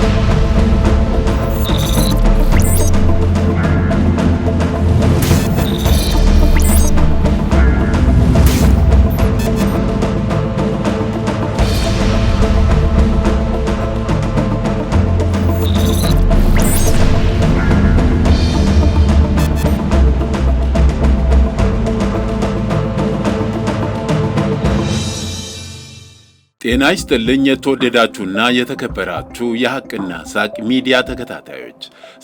Thank you. ጤና ይስጥልኝ የተወደዳችሁና የተከበራችሁ የሐቅና ሳቅ ሚዲያ ተከታታዮች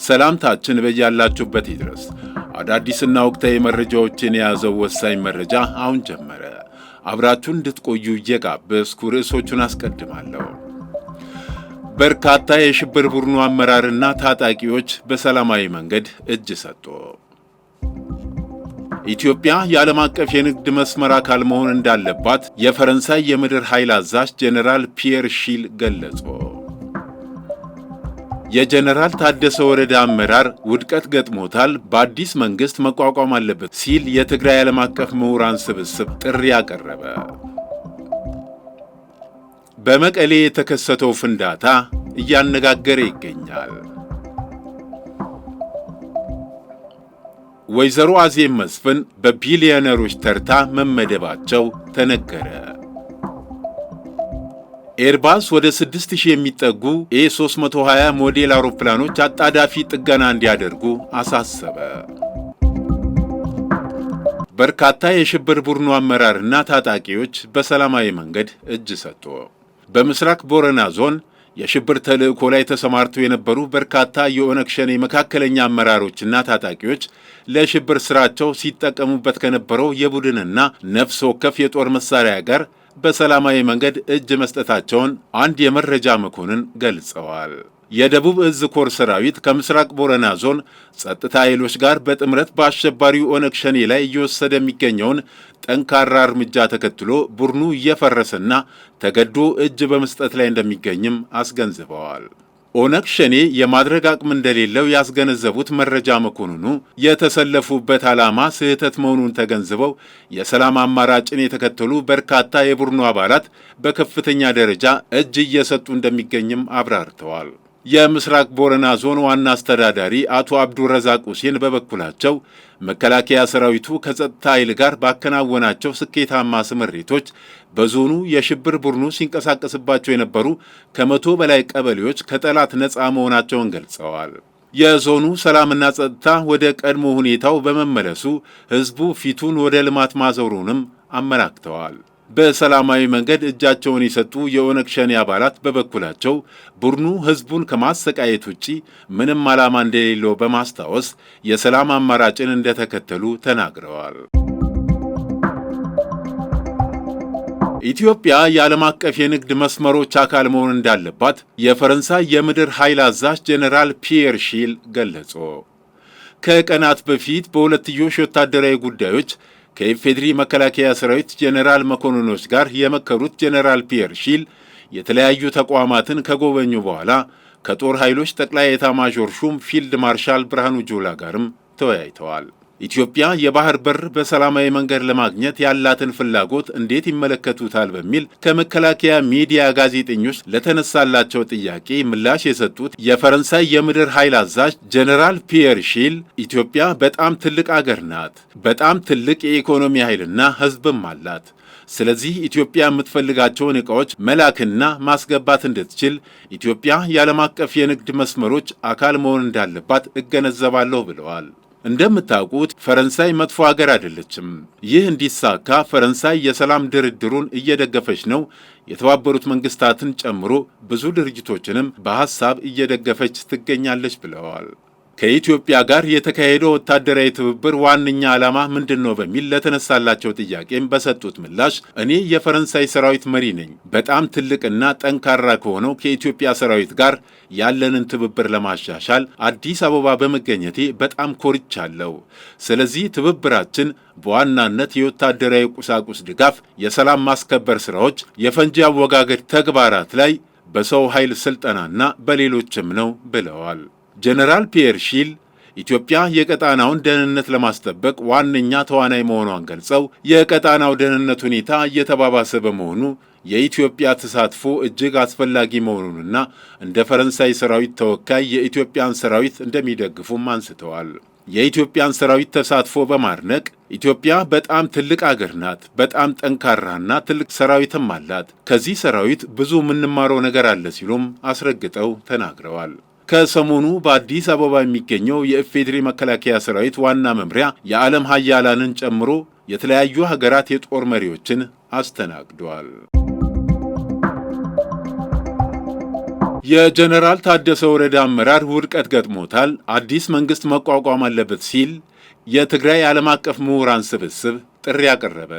ሰላምታችን በያላችሁበት ይድረስ። አዳዲስና ወቅታዊ መረጃዎችን የያዘው ወሳኝ መረጃ አሁን ጀመረ። አብራችሁን እንድትቆዩ እየጋበዝኩ ርዕሶቹን አስቀድማለሁ። በርካታ የሽብር ቡድኑ አመራርና ታጣቂዎች በሰላማዊ መንገድ እጅ ሰጡ። ኢትዮጵያ የዓለም አቀፍ የንግድ መስመር አካል መሆን እንዳለባት የፈረንሳይ የምድር ኃይል አዛዥ ጄኔራል ፒየር ሺል ገለጹ። የጄኔራል ታደሰ ወረደ አመራር ውድቀት ገጥሞታል፣ በአዲስ መንግሥት መቋቋም አለበት ሲል የትግራይ ዓለም አቀፍ ምሁራን ስብስብ ጥሪ አቀረበ። በመቀሌ የተከሰተው ፍንዳታ እያነጋገረ ይገኛል። ወይዘሮ አዜብ መስፍን በቢሊዮነሮች ተርታ መመደባቸው ተነገረ። ኤርባስ ወደ 6000 የሚጠጉ ኤ320 ሞዴል አውሮፕላኖች አጣዳፊ ጥገና እንዲያደርጉ አሳሰበ። በርካታ የሽብር ቡድኑ አመራርና ታጣቂዎች በሰላማዊ መንገድ እጅ ሰጡ። በምስራቅ ቦረና ዞን የሽብር ተልእኮ ላይ ተሰማርተው የነበሩ በርካታ የኦነግ ሸኔ መካከለኛ አመራሮችና ታጣቂዎች ለሽብር ስራቸው ሲጠቀሙበት ከነበረው የቡድንና ነፍስ ወከፍ የጦር መሳሪያ ጋር በሰላማዊ መንገድ እጅ መስጠታቸውን አንድ የመረጃ መኮንን ገልጸዋል። የደቡብ እዝ ኮር ሰራዊት ከምስራቅ ቦረና ዞን ጸጥታ ኃይሎች ጋር በጥምረት በአሸባሪው ኦነግ ሸኔ ላይ እየወሰደ የሚገኘውን ጠንካራ እርምጃ ተከትሎ ቡድኑ እየፈረሰና ተገዶ እጅ በመስጠት ላይ እንደሚገኝም አስገንዝበዋል። ኦነግ ሸኔ የማድረግ አቅም እንደሌለው ያስገነዘቡት መረጃ መኮንኑ የተሰለፉበት ዓላማ ስህተት መሆኑን ተገንዝበው የሰላም አማራጭን የተከተሉ በርካታ የቡድኑ አባላት በከፍተኛ ደረጃ እጅ እየሰጡ እንደሚገኝም አብራርተዋል። የምስራቅ ቦረና ዞን ዋና አስተዳዳሪ አቶ አብዱረዛቅ ሁሴን በበኩላቸው መከላከያ ሰራዊቱ ከጸጥታ ኃይል ጋር ባከናወናቸው ስኬታማ ስምሪቶች በዞኑ የሽብር ቡድኑ ሲንቀሳቀስባቸው የነበሩ ከመቶ በላይ ቀበሌዎች ከጠላት ነፃ መሆናቸውን ገልጸዋል። የዞኑ ሰላምና ጸጥታ ወደ ቀድሞ ሁኔታው በመመለሱ ሕዝቡ ፊቱን ወደ ልማት ማዞሩንም አመላክተዋል። በሰላማዊ መንገድ እጃቸውን የሰጡ የኦነግ ሸኔ አባላት በበኩላቸው ቡድኑ ህዝቡን ከማሰቃየት ውጪ ምንም ዓላማ እንደሌለው በማስታወስ የሰላም አማራጭን እንደተከተሉ ተናግረዋል። ኢትዮጵያ የዓለም አቀፍ የንግድ መስመሮች አካል መሆን እንዳለባት የፈረንሳይ የምድር ኃይል አዛዥ ጄኔራል ፒየር ሺል ገለጹ። ከቀናት በፊት በሁለትዮሽ ወታደራዊ ጉዳዮች ከኢፌድሪ መከላከያ ሰራዊት ጄኔራል መኮንኖች ጋር የመከሩት ጄኔራል ፒየር ሺል የተለያዩ ተቋማትን ከጎበኙ በኋላ ከጦር ኃይሎች ጠቅላይ ኤታማዦር ሹም ፊልድ ማርሻል ብርሃኑ ጁላ ጋርም ተወያይተዋል። ኢትዮጵያ የባህር በር በሰላማዊ መንገድ ለማግኘት ያላትን ፍላጎት እንዴት ይመለከቱታል? በሚል ከመከላከያ ሚዲያ ጋዜጠኞች ለተነሳላቸው ጥያቄ ምላሽ የሰጡት የፈረንሳይ የምድር ኃይል አዛዥ ጀኔራል ፒየር ሺል ኢትዮጵያ በጣም ትልቅ አገር ናት። በጣም ትልቅ የኢኮኖሚ ኃይልና ሕዝብም አላት። ስለዚህ ኢትዮጵያ የምትፈልጋቸውን ዕቃዎች መላክና ማስገባት እንድትችል ኢትዮጵያ የዓለም አቀፍ የንግድ መስመሮች አካል መሆን እንዳለባት እገነዘባለሁ ብለዋል። እንደምታውቁት ፈረንሳይ መጥፎ ሀገር አይደለችም። ይህ እንዲሳካ ፈረንሳይ የሰላም ድርድሩን እየደገፈች ነው። የተባበሩት መንግስታትን ጨምሮ ብዙ ድርጅቶችንም በሀሳብ እየደገፈች ትገኛለች ብለዋል። ከኢትዮጵያ ጋር የተካሄደው ወታደራዊ ትብብር ዋነኛ ዓላማ ምንድን ነው በሚል ለተነሳላቸው ጥያቄም በሰጡት ምላሽ እኔ የፈረንሳይ ሰራዊት መሪ ነኝ፣ በጣም ትልቅና ጠንካራ ከሆነው ከኢትዮጵያ ሰራዊት ጋር ያለንን ትብብር ለማሻሻል አዲስ አበባ በመገኘቴ በጣም ኮርቻለሁ። ስለዚህ ትብብራችን በዋናነት የወታደራዊ ቁሳቁስ ድጋፍ፣ የሰላም ማስከበር ስራዎች፣ የፈንጂ አወጋገድ ተግባራት ላይ በሰው ኃይል ስልጠናና በሌሎችም ነው ብለዋል። ጀነራል ፒየር ሺል ኢትዮጵያ የቀጣናውን ደህንነት ለማስጠበቅ ዋነኛ ተዋናይ መሆኗን ገልጸው የቀጣናው ደህንነት ሁኔታ እየተባባሰ በመሆኑ የኢትዮጵያ ተሳትፎ እጅግ አስፈላጊ መሆኑንና እንደ ፈረንሳይ ሰራዊት ተወካይ የኢትዮጵያን ሰራዊት እንደሚደግፉም አንስተዋል። የኢትዮጵያን ሰራዊት ተሳትፎ በማድነቅ ኢትዮጵያ በጣም ትልቅ አገር ናት፣ በጣም ጠንካራና ትልቅ ሰራዊትም አላት። ከዚህ ሰራዊት ብዙ የምንማረው ነገር አለ ሲሉም አስረግጠው ተናግረዋል። ከሰሞኑ በአዲስ አበባ የሚገኘው የኢፌዴሪ መከላከያ ሰራዊት ዋና መምሪያ የዓለም ሀያላንን ጨምሮ የተለያዩ ሀገራት የጦር መሪዎችን አስተናግደዋል። የጀነራል ታደሰ ወረደ አመራር ውድቀት ገጥሞታል፣ አዲስ መንግሥት መቋቋም አለበት ሲል የትግራይ ዓለም አቀፍ ምሁራን ስብስብ ጥሪ አቀረበ።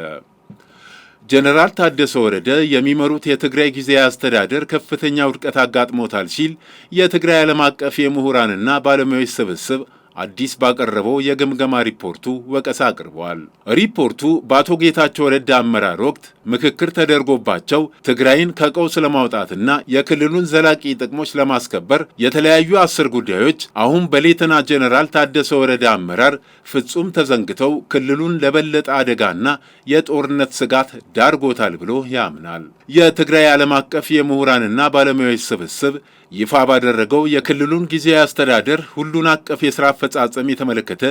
ጀነራል ታደሰ ወረደ የሚመሩት የትግራይ ጊዜያዊ አስተዳደር ከፍተኛ ውድቀት አጋጥሞታል ሲል የትግራይ ዓለም አቀፍ የምሁራንና ባለሙያዎች ስብስብ አዲስ ባቀረበው የግምገማ ሪፖርቱ ወቀሳ አቅርበዋል። ሪፖርቱ በአቶ ጌታቸው ረዳ አመራር ወቅት ምክክር ተደርጎባቸው ትግራይን ከቀውስ ለማውጣትና የክልሉን ዘላቂ ጥቅሞች ለማስከበር የተለያዩ አስር ጉዳዮች አሁን በሌተና ጀኔራል ታደሰ ወረዳ አመራር ፍጹም ተዘንግተው ክልሉን ለበለጠ አደጋና የጦርነት ስጋት ዳርጎታል ብሎ ያምናል። የትግራይ ዓለም አቀፍ የምሁራንና ባለሙያዎች ስብስብ ይፋ ባደረገው የክልሉን ጊዜያዊ አስተዳደር ሁሉን አቀፍ የሥራ አፈጻጸም የተመለከተ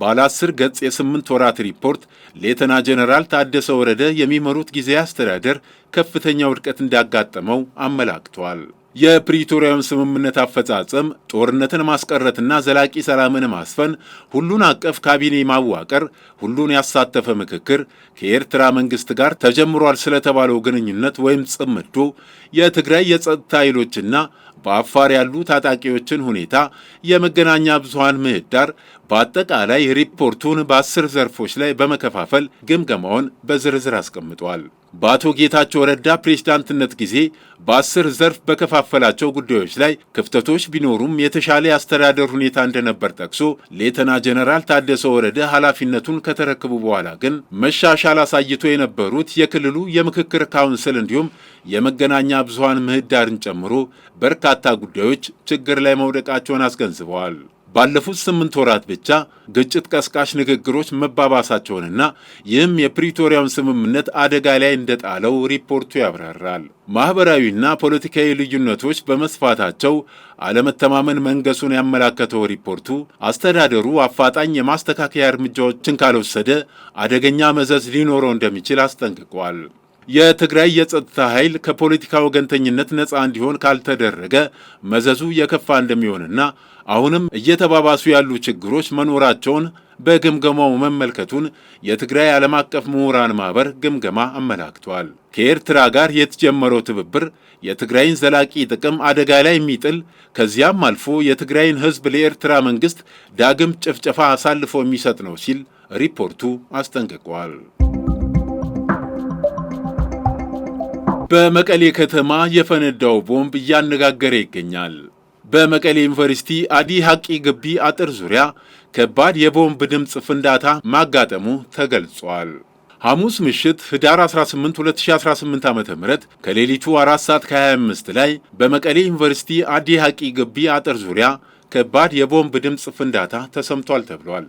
ባለ አስር ገጽ የስምንት ወራት ሪፖርት ሌተና ጀነራል ታደሰ ወረደ የሚመሩት ጊዜያዊ አስተዳደር ከፍተኛ ውድቀት እንዳጋጠመው አመላክቷል። የፕሪቶሪያውን ስምምነት አፈጻጸም፣ ጦርነትን ማስቀረትና ዘላቂ ሰላምን ማስፈን፣ ሁሉን አቀፍ ካቢኔ ማዋቀር፣ ሁሉን ያሳተፈ ምክክር፣ ከኤርትራ መንግስት ጋር ተጀምሯል ስለተባለው ግንኙነት ወይም ጽምዶ፣ የትግራይ የጸጥታ ኃይሎችና በአፋር ያሉ ታጣቂዎችን ሁኔታ፣ የመገናኛ ብዙሃን ምህዳር፣ በአጠቃላይ ሪፖርቱን በአስር ዘርፎች ላይ በመከፋፈል ግምገማውን በዝርዝር አስቀምጧል። በአቶ ጌታቸው ረዳ ፕሬዝዳንትነት ጊዜ በአስር ዘርፍ በከፋፈላቸው ጉዳዮች ላይ ክፍተቶች ቢኖሩም የተሻለ የአስተዳደር ሁኔታ እንደነበር ጠቅሶ ሌተና ጀነራል ታደሰ ወረደ ኃላፊነቱን ከተረክቡ በኋላ ግን መሻሻል አሳይቶ የነበሩት የክልሉ የምክክር ካውንስል እንዲሁም የመገናኛ ብዙሃን ምህዳርን ጨምሮ በርካታ ጉዳዮች ችግር ላይ መውደቃቸውን አስገንዝበዋል። ባለፉት ስምንት ወራት ብቻ ግጭት ቀስቃሽ ንግግሮች መባባሳቸውንና ይህም የፕሪቶሪያውን ስምምነት አደጋ ላይ እንደጣለው ሪፖርቱ ያብራራል። ማኅበራዊና ፖለቲካዊ ልዩነቶች በመስፋታቸው አለመተማመን መንገሱን ያመላከተው ሪፖርቱ አስተዳደሩ አፋጣኝ የማስተካከያ እርምጃዎችን ካልወሰደ አደገኛ መዘዝ ሊኖረው እንደሚችል አስጠንቅቋል። የትግራይ የጸጥታ ኃይል ከፖለቲካ ወገንተኝነት ነፃ እንዲሆን ካልተደረገ መዘዙ የከፋ እንደሚሆንና አሁንም እየተባባሱ ያሉ ችግሮች መኖራቸውን በግምገማው መመልከቱን የትግራይ ዓለም አቀፍ ምሁራን ማኅበር ግምገማ አመላክቷል። ከኤርትራ ጋር የተጀመረው ትብብር የትግራይን ዘላቂ ጥቅም አደጋ ላይ የሚጥል ከዚያም አልፎ የትግራይን ሕዝብ ለኤርትራ መንግሥት ዳግም ጭፍጨፋ አሳልፎ የሚሰጥ ነው ሲል ሪፖርቱ አስጠንቅቋል። በመቀሌ ከተማ የፈነዳው ቦምብ እያነጋገረ ይገኛል። በመቀሌ ዩኒቨርሲቲ አዲ ሐቂ ግቢ አጥር ዙሪያ ከባድ የቦምብ ድምፅ ፍንዳታ ማጋጠሙ ተገልጿል። ሐሙስ ምሽት ህዳር 18 2018 ዓ.ም ከሌሊቱ 4 ሰዓት ከ25 ላይ በመቀሌ ዩኒቨርሲቲ አዲ ሐቂ ግቢ አጥር ዙሪያ ከባድ የቦምብ ድምፅ ፍንዳታ ተሰምቷል ተብሏል።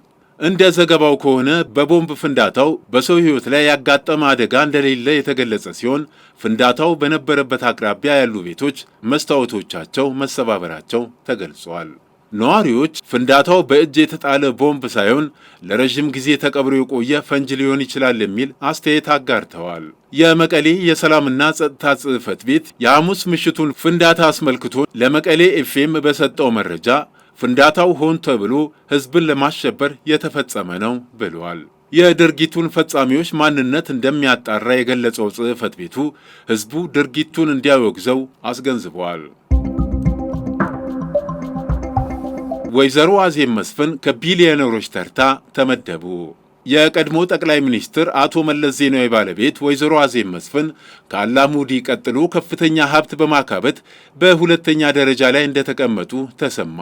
እንደ ዘገባው ከሆነ በቦምብ ፍንዳታው በሰው ሕይወት ላይ ያጋጠመ አደጋ እንደሌለ የተገለጸ ሲሆን ፍንዳታው በነበረበት አቅራቢያ ያሉ ቤቶች መስታወቶቻቸው መሰባበራቸው ተገልጿል። ነዋሪዎች ፍንዳታው በእጅ የተጣለ ቦምብ ሳይሆን ለረዥም ጊዜ ተቀብሮ የቆየ ፈንጅ ሊሆን ይችላል የሚል አስተያየት አጋርተዋል። የመቀሌ የሰላምና ጸጥታ ጽሕፈት ቤት የሐሙስ ምሽቱን ፍንዳታ አስመልክቶ ለመቀሌ ኤፍኤም በሰጠው መረጃ ፍንዳታው ሆን ተብሎ ህዝብን ለማሸበር የተፈጸመ ነው ብለዋል። የድርጊቱን ፈጻሚዎች ማንነት እንደሚያጣራ የገለጸው ጽህፈት ቤቱ ህዝቡ ድርጊቱን እንዲያወግዘው አስገንዝበዋል። ወይዘሮ አዜብ መስፍን ከቢሊዮነሮች ተርታ ተመደቡ። የቀድሞ ጠቅላይ ሚኒስትር አቶ መለስ ዜናዊ ባለቤት ወይዘሮ አዜብ መስፍን ከአላሙዲ ቀጥሎ ከፍተኛ ሀብት በማካበት በሁለተኛ ደረጃ ላይ እንደተቀመጡ ተሰማ።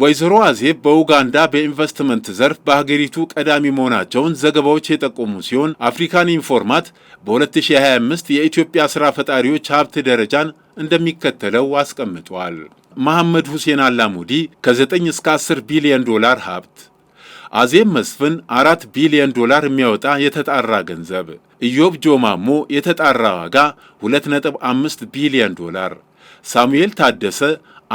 ወይዘሮ አዜብ በኡጋንዳ በኢንቨስትመንት ዘርፍ በሀገሪቱ ቀዳሚ መሆናቸውን ዘገባዎች የጠቆሙ ሲሆን አፍሪካን ኢንፎርማት በ2025 የኢትዮጵያ ሥራ ፈጣሪዎች ሀብት ደረጃን እንደሚከተለው አስቀምጧል። መሐመድ ሁሴን አላሙዲ ከ9 እስከ 10 ቢሊዮን ዶላር ሀብት፣ አዜብ መስፍን 4 ቢሊዮን ዶላር የሚያወጣ የተጣራ ገንዘብ፣ ኢዮብ ጆማሞ የተጣራ ዋጋ 2.5 ቢሊዮን ዶላር፣ ሳሙኤል ታደሰ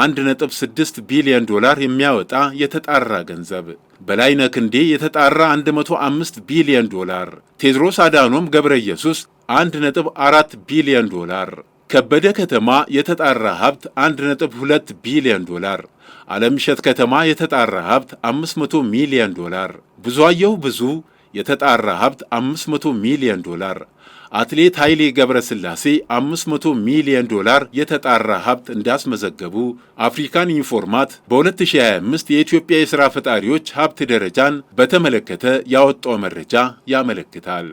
1.6 ቢሊዮን ዶላር የሚያወጣ የተጣራ ገንዘብ በላይነህ ክንዴ የተጣራ 105 ቢሊዮን ዶላር፣ ቴድሮስ አዳኖም ገብረ ኢየሱስ 1.4 ቢሊዮን ዶላር፣ ከበደ ከተማ የተጣራ ሀብት 1.2 ቢሊዮን ዶላር፣ አለምሸት ከተማ የተጣራ ሀብት 500 ሚሊዮን ዶላር፣ ብዙአየሁ ብዙ የተጣራ ሀብት 500 ሚሊዮን ዶላር አትሌት ኃይሌ ገብረስላሴ 500 ሚሊዮን ዶላር የተጣራ ሀብት እንዳስመዘገቡ አፍሪካን ኢንፎርማት በ2025 የኢትዮጵያ የሥራ ፈጣሪዎች ሀብት ደረጃን በተመለከተ ያወጣው መረጃ ያመለክታል።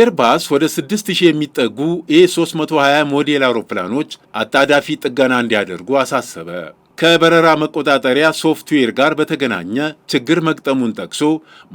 ኤርባስ ወደ 6000 የሚጠጉ ኤ320 ሞዴል አውሮፕላኖች አጣዳፊ ጥገና እንዲያደርጉ አሳሰበ። ከበረራ መቆጣጠሪያ ሶፍትዌር ጋር በተገናኘ ችግር መግጠሙን ጠቅሶ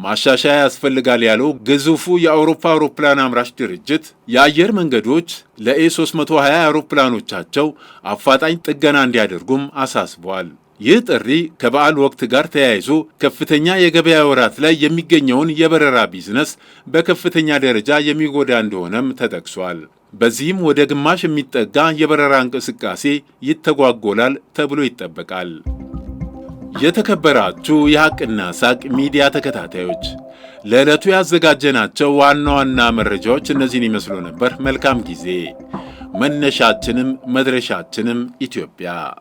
ማሻሻያ ያስፈልጋል ያለው ግዙፉ የአውሮፓ አውሮፕላን አምራች ድርጅት የአየር መንገዶች ለኤ 320 አውሮፕላኖቻቸው አፋጣኝ ጥገና እንዲያደርጉም አሳስቧል። ይህ ጥሪ ከበዓል ወቅት ጋር ተያይዞ ከፍተኛ የገበያ ወራት ላይ የሚገኘውን የበረራ ቢዝነስ በከፍተኛ ደረጃ የሚጎዳ እንደሆነም ተጠቅሷል። በዚህም ወደ ግማሽ የሚጠጋ የበረራ እንቅስቃሴ ይተጓጎላል ተብሎ ይጠበቃል። የተከበራችሁ የሐቅና ሳቅ ሚዲያ ተከታታዮች ለዕለቱ ያዘጋጀናቸው ዋና ዋና መረጃዎች እነዚህን ይመስሉ ነበር። መልካም ጊዜ። መነሻችንም መድረሻችንም ኢትዮጵያ።